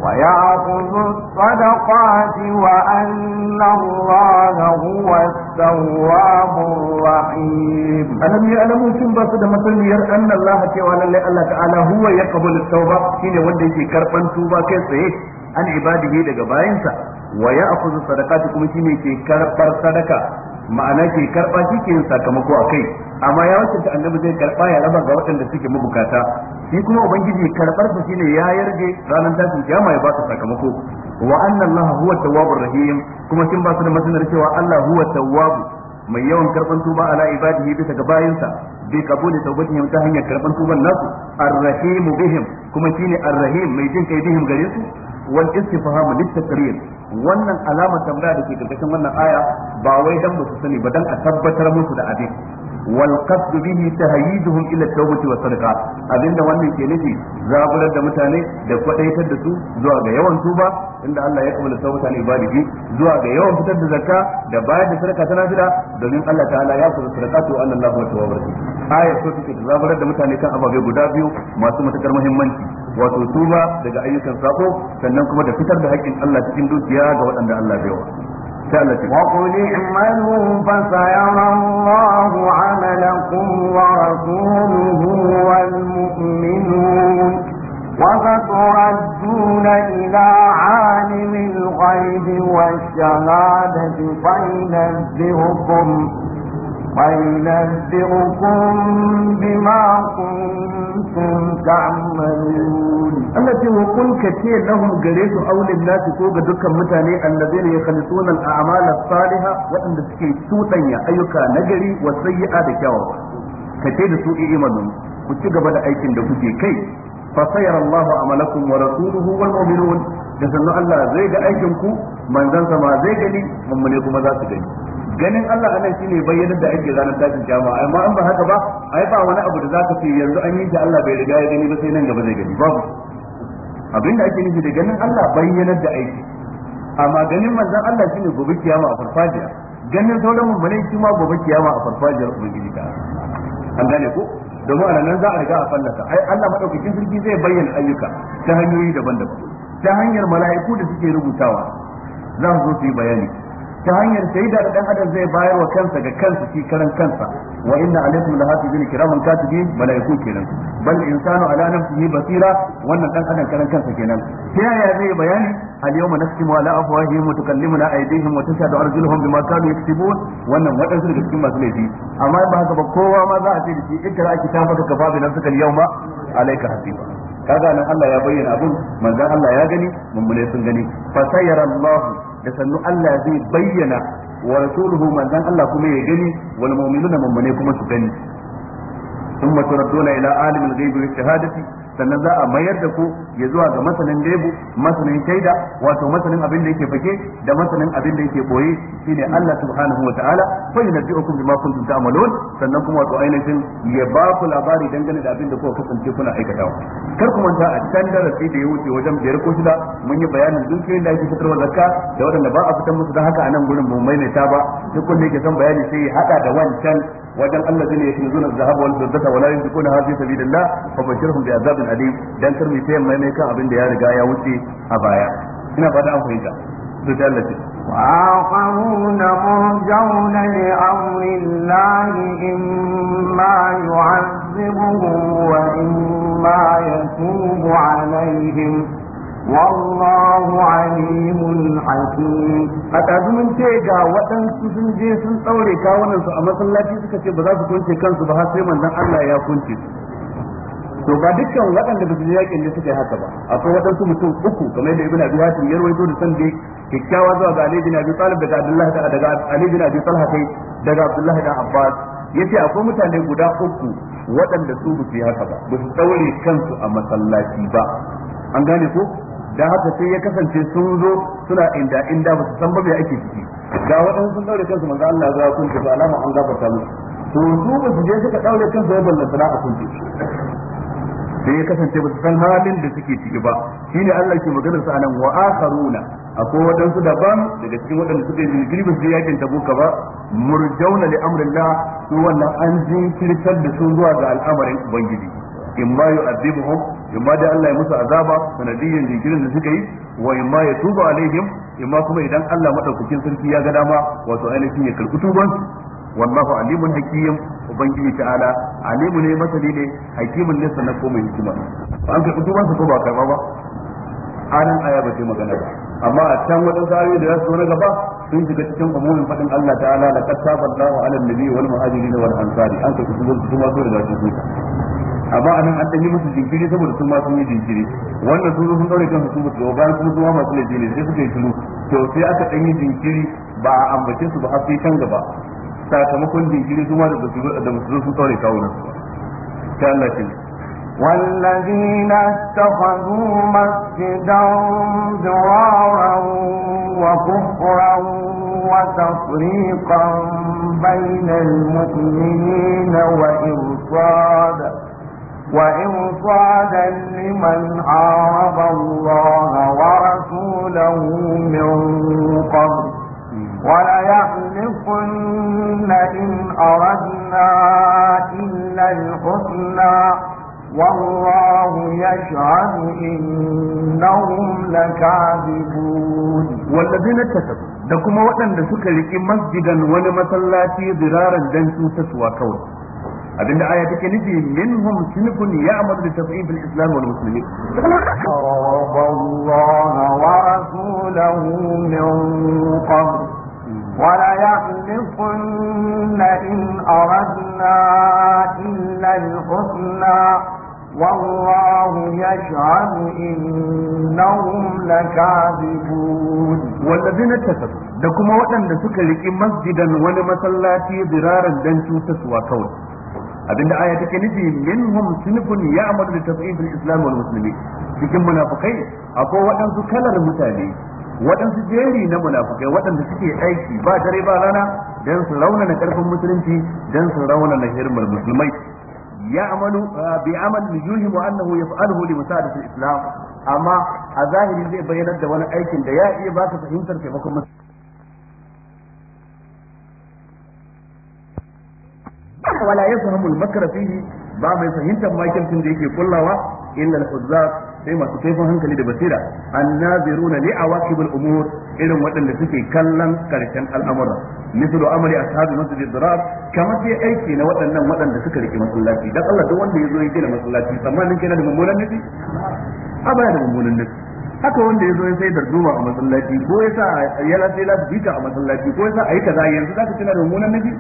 ويأخذ الصدقات وأن الله هو التواب الرحيم ألم يعلموا كم بس دم تنير أن الله تعالى الله تعالى هو يقبل التوبة حين ودي كربا توبة كيف عن عباده دقبائنسا ويأخذ الصدقات كم شيء كربا صدقة ma'ana ke karba shi ke yin sakamako a kai amma ya wacce annabi zai karba ya raba ga waɗanda suke mabukata shi kuma ubangiji karbar su shine ya yarge ranar tashin kiyama ya ba su sakamako wa anna allaha huwa tawwabur rahim kuma kin ba su da masanar cewa Allah huwa tawwabu mai yawan karban tuba ala ibadihi bisa ga bayinsa bi da tawbatihim ta hanyar karban tuban nasu ar-rahim bihim kuma shine ar-rahim mai jin kai bihim gare su wal istifham lit wannan alama tambaya da ke karkashin wannan aya ba wai dan ba su sani ba dan a tabbatar musu da abin wal qasd bihi tahyiduhum ila tawbati wa sadaqa abinda wannan ke nufi zaburar da mutane da kwadaitar da su zuwa ga yawan tuba inda Allah ya kammala tawbata ne ibadihi zuwa ga yawan fitar da zakka da bayar da sadaka ta nafila domin Allah ta'ala ya kula sadaqatu wa annallahu wa tawbatu ayar so take ta da mutane kan ababe guda biyu masu matukar muhimmanci wato tuba daga ayyukan sako sannan kuma da fitar da haƙƙin Allah cikin dukiya ga waɗanda Allah bai wa وقل اعملوا فسيرى الله عملكم ورسوله والمؤمنون وستردون إلى عالم الغيب والشهادة فينبئكم وينذركم بما كنتم تعملون التي وقل كثير لهم قريت أو للناس فوق دكا متاني الذين يخلصون الأعمال الصالحة وأن تكي سوطنيا أيكا نجري والسيئة بكاوة كثير سوء إيمان وتجب بدأ أيكم دكتي كي فسير الله عملكم ورسوله والمؤمنون da sannu Allah zai ga aikin ku manzan sa ma zai gani mummune kuma za su gani ganin Allah anan shine bayyana da ake ranar tashin kiyama amma an ba haka ba ai ba wani abu da za ka fi yanzu an yi shi Allah bai riga ya gani ba sai nan gaba zai gani babu da ake nufi da ganin Allah bayyana da aiki amma ganin manzan Allah shine gobe kiyama a farfajiya ganin sauran mummune shi ma gobe kiyama a farfajiyar ubangiji ta an gane ko domin a nan za a riga a fallasa ai Allah madaukakin sarki zai bayyana ayyuka ta hanyoyi daban-daban ta hanyar mala'iku da suke rubutawa za su zo su yi bayani ta hanyar shaida da dan adam zai bayar wa kansa ga kansa shi karan kansa wa inna alaikum la hafizina kiraman katibin malaiku kenan bal insanu ala nafsihi basira wannan dan adam karan kansa kenan ta yaya zai bayani al yawma nasqimu ala afwahihim wa tukallimuna aydihim wa tashhadu arjuluhum bima kanu yaktubun wannan wadansu daga cikin masu laifi amma ba haka ba kowa ma za a ce da shi ikra kitabaka kafa bi nafsika al yawma alayka hasiba kaga nan Allah ya bayyana abun manzon Allah ya gani mummune sun gani fa sayyara Allah da sannu Allah zai bayyana wa rasuluhu manzon Allah kuma ya gani wal mu'minuna mummune kuma su gani ثم تردون إلى عالم الغيب والشهادة sannan za a mayar da ku ya zuwa ga masanin lebu masanin shaida wato masanin abin da yake fake da masanin abin da yake boye shine Allah subhanahu wa ta'ala fa yunabbi'ukum bima kuntum ta'malun sannan kuma wato ainihin ya ba ku labari dangane da abin da kuka kasance kuna aikatawa kar ku manta a can darasi da ya wuce wajen biyar ko shida mun yi bayanin dukiyoyin da ake fitarwa zakka da waɗanda ba a fitar musu da haka a nan gurin mu maimaita ba duk wanda yake son bayani sai ya haɗa da wancan wajen Allah allazina yakunzuna adh zahabu wal fiddata wala yunfiquna fi sabilillah fa bashirhum bi azabin alim dan kar mu tayyamma mai kan abin da ya riga ya wuce a baya ina fata an fahimta to sai Allah ce وآخرون مرجون لأمر الله إما يعذبهم وإما يتوب عليهم والله عليم حكيم waɗansu sun je sun سن kawunan su a masallaci suka ce ba za su بذا kansu ba سبها سيما دان الله يا كنت to ba dukkan waɗanda ba su yi yakin ne suka yi haka ba akwai waɗansu mutum uku kamar da ibn abi hatim ya rawaito da san dai kikkiawa zuwa ga ali bin abi talib daga abdullahi daga ali bin abi talha kai daga abdullahi da abbas yace akwai mutane guda uku waɗanda su ba su yi haka ba ba su tsaure kansu a masallaci ba an gane ko Da haka sai ya kasance sun zo suna inda inda ba su san ba me ake ciki ga waɗansu sun daure kansu manzo Allah ya kunce ba alama an gafarta musu to su ba su je suka daure kansu ba ballan sana'a kunce sai ya kasance ba su san halin da suke ciki ba shine Allah ke maganar sa anan wa akharuna akwai waɗansu daban daga cikin waɗanda suka yi jirgin ba su je ta tabuka ba murjauna li amrillah su wannan an jinkirtar da su zuwa ga al'amarin ubangiji in ma yu'adhibuhum in ma dai Allah ya musu azaba sanadiyyar jinkirin da suka yi wa in ma ya tuba alaihim in ma kuma idan Allah madaukakin sarki ya ga dama wato ainihin ya karɓi tuban wallahu alimun hakim ubangiji ta'ala alimu ne masani ne hakimin ne sanan ko mai hikima an karɓi tuban su ko ba karɓa ba anan aya ba ce magana ba amma a can waɗansu ayoyi da ya su na gaba sun shiga cikin umumin fadin Allah ta'ala laqad taballahu 'ala an-nabiyyi wal muhajirin wal ansari an karɓi tuban su kuma so da su a nan an dan yi musu jinkiri saboda sun ma sun yi jinkiri wannan sun zo sun daure kan su mutu bayan kuma zuwa masu laifi ne sai suka yi shiru to sai aka dan yi jinkiri ba a ambace su ba har sai can gaba sakamakon jinkiri su ma da musu zo sun daure kawunan ta Allah ce والذين اتخذوا مسجدا ضرارا وكفرا وتفريقا بين المؤمنين وإرصادا وإرصادا لمن عارض الله ورسوله من قبل وليحلفن إن أردنا إلا الحسنى والله يشهد إنهم لكاذبون والذين كسبوا da kuma waɗanda suka riƙi masjidan wani masallaci ziraran dan cutarwa kawai abin da aya منهم nufi يعمل لتضعيف الإسلام والمسلمين tafsir bil islam wal muslimin qaraballahu ولا يحلفن إن أردنا إلا الحسنى والله يشهد إنهم لكاذبون والذين كفروا لكم وأن سكر لكي مسجدا ولمسلاتي ضرارا لن تسوى كون abinda aya take nufi minhum sunfun ya'malu bi tadhifil islam wal muslimin cikin munafikai akwai waɗansu kalar mutane waɗansu jeri na munafikai waɗanda suke aiki ba dare ba rana dan su na karfin musulunci dan su na hirmar musulmai يعمل بعمل نجوهم وانه يفعله لمساعده islam amma a zahiri zai bayyana da wani aikin da ya iya ba ka fahimtar taimakon musulunci wala yafhamu al-makra fihi ba mai fahimtar makircin da yake kullawa illa al-huzzaq sai masu kaifin hankali da basira annaziruna li awaqib al-umur irin waɗanda suke kallon karshen al'amura mislu amali ashabi masjid ad-dirar kamar sai aiki na waɗannan waɗanda suka rike masallaci dan Allah duk wanda yazo ya gina masallaci tsammanin kenan da mummunan nufi a baya da mummunan nufi haka wanda ya zo ya sai darduma a masallaci ko ya sa ya lafi lafi a masallaci ko ya sa a yi kaza yanzu za ka tuna da mummunan nufi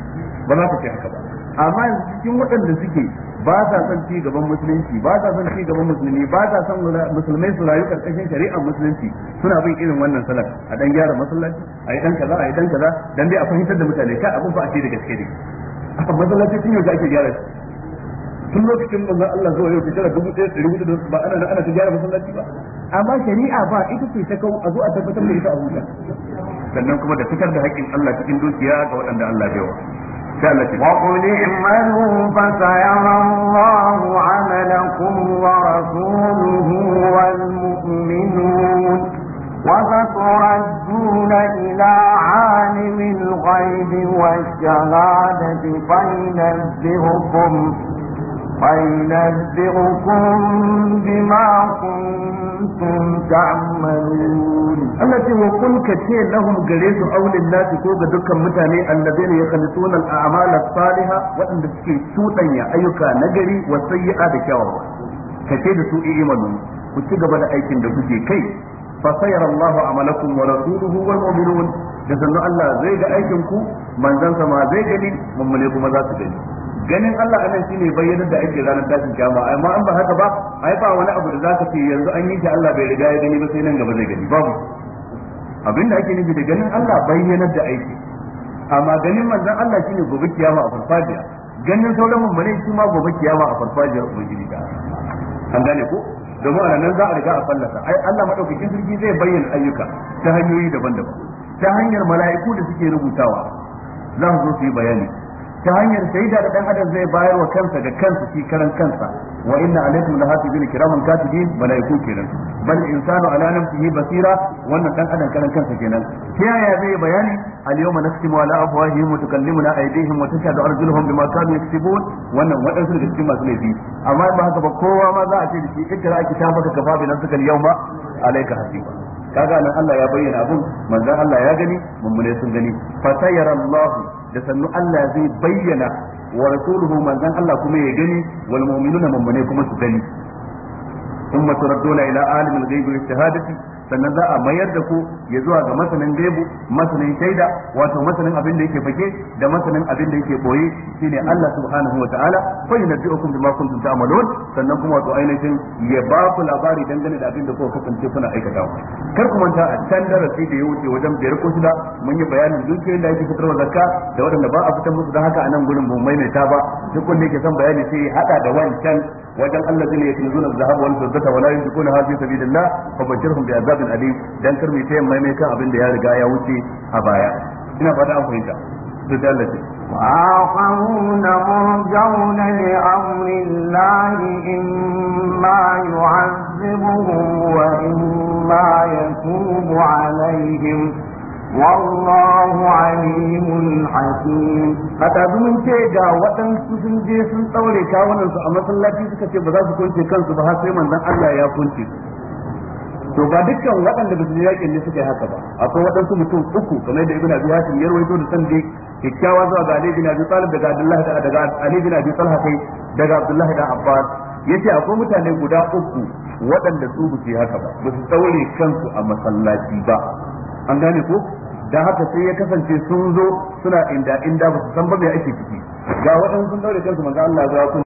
ba za ka kai haka ba amma yanzu cikin waɗanda suke ba sa son ci gaban musulunci ba sa son ci gaban musulmi ba sa son musulmai su rayu karkashin shari'ar musulunci suna bin irin wannan salat a dan gyara masallaci a yi dan kaza a yi dan kaza dan dai a fahimtar da mutane ka abin ba a ce da gaske ne a masallaci sun yi ake gyara tun lokacin manzo Allah zuwa yau kira dubu ɗaya ɗari hudu ba ana nan ana ta gyara masallaci ba amma shari'a ba ita ce ta kawo a zo a tabbatar da ita a huta sannan kuma da fitar da haƙƙin Allah cikin dukiya ga waɗanda Allah bai wa وقل اعملوا فسيرى الله عملكم ورسوله والمؤمنون وستردون إلى عالم الغيب والشهادة فينبئكم وينبئكم بما كنتم تعملون التي وقل كتير لهم قريت أول الله تكوك دكا متاني الذين يخلطون الأعمال الصالحة وأن تسكي سوطنيا أيكا نجري والسيئة كاوة كتير سوء إيمان وتجب لأيك دكوكي كي فسير الله عملكم ورسوله والمؤمنون da sannu Allah zai ga aikinku manzansa ma zai gani mummune kuma za su gani ganin Allah anan shine bayyana da ake ranar tashin kiyama amma an ba haka ba ai ba wani abu da zaka ce yanzu an yi shi Allah bai riga ya gani ba sai nan gaba zai gani babu abinda ake nufi da ganin Allah bayyana da aiki amma ganin manzon Allah shine gobe kiyama a farfajiya ganin sauran mummune shi ma gobe kiyama a farfajiyar ubangiji da an gane ko domin a nan za a riga a fallasa ai Allah madaukakin sarki zai bayyana ayyuka ta hanyoyi daban-daban ta hanyar mala'iku da suke rubutawa za su zo su yi bayani ta hanyar shaida da dan adam zai bayar wa kansa da kansa shi karan kansa wa inna alaikum lahafizin kiraman katibin malaiku kenan bal insanu ala nafsihi basira wannan dan adam karan kansa kenan ta yaya zai bayani al yawma naktimu ala afwahihim wa tukallimuna aydihim wa tashhadu arjuluhum bima kanu yaktubun wannan wadansu sun cikin masu laifi amma ba haka ba kowa ma za a ce da shi ikra kitabaka kafa bi nafsika al yawma alayka hasiba kaga nan Allah ya bayyana abun manzon Allah ya gani mummune sun gani fa sayyara Allahu da sannu Allah zai bayyana wa rasuluhu manzon Allah kuma ya gani wal mu'minuna mummune kuma su gani thumma turadduna ila alimil ghaibi wa shahadati sannan za a mayar da ku ya zuwa ga masanin gaibu masanin shaida wato masanin abin da yake fake da masanin abin da yake boye shine Allah subhanahu wataala fa kun bima kuntum ta'malun sannan kuma wato ainihin ya ba ku labari dangane da abin da kuka kasance kuna aikata kar ku manta a can darasi da ya wuce wajen biyar ko shida mun yi bayanin dukiyar da fitar fitarwa zakka da waɗanda ba a fitar musu da haka a nan gurin mu maimaita ba duk wanda yake son bayani sai ya hada da wancan wajen Allah zai ya tunzuna zahab wal fiddata wala yunfiquna hadhihi sabilillah fa bashirhum bi azab bin adi dan kar mai tayin mai mai kan abin da ya riga ya wuce a baya ina fata an fahimta ce ce ga waɗansu sun je sun tsaure shawunansu a masallaci suka ce ba za su kunce kansu ba har sai manzon Allah ya kunce to ba dukkan waɗanda ba su ne suka yi haka ba akwai waɗansu mutum uku kamar da ibnu abi hatim ya rawaito da san dai kikkiawa zuwa ga ali bin abi talib daga abdullahi da daga ali bin abi talha kai daga abdullahi da abbas yace akwai mutane guda uku waɗanda su ba su yi haka ba ba su tsaure kansu a masallaci ba an gane ko da haka sai ya kasance sun zo suna inda inda ba su san ba me ake ciki ga waɗansu sun daure kansu manzo Allah ya zo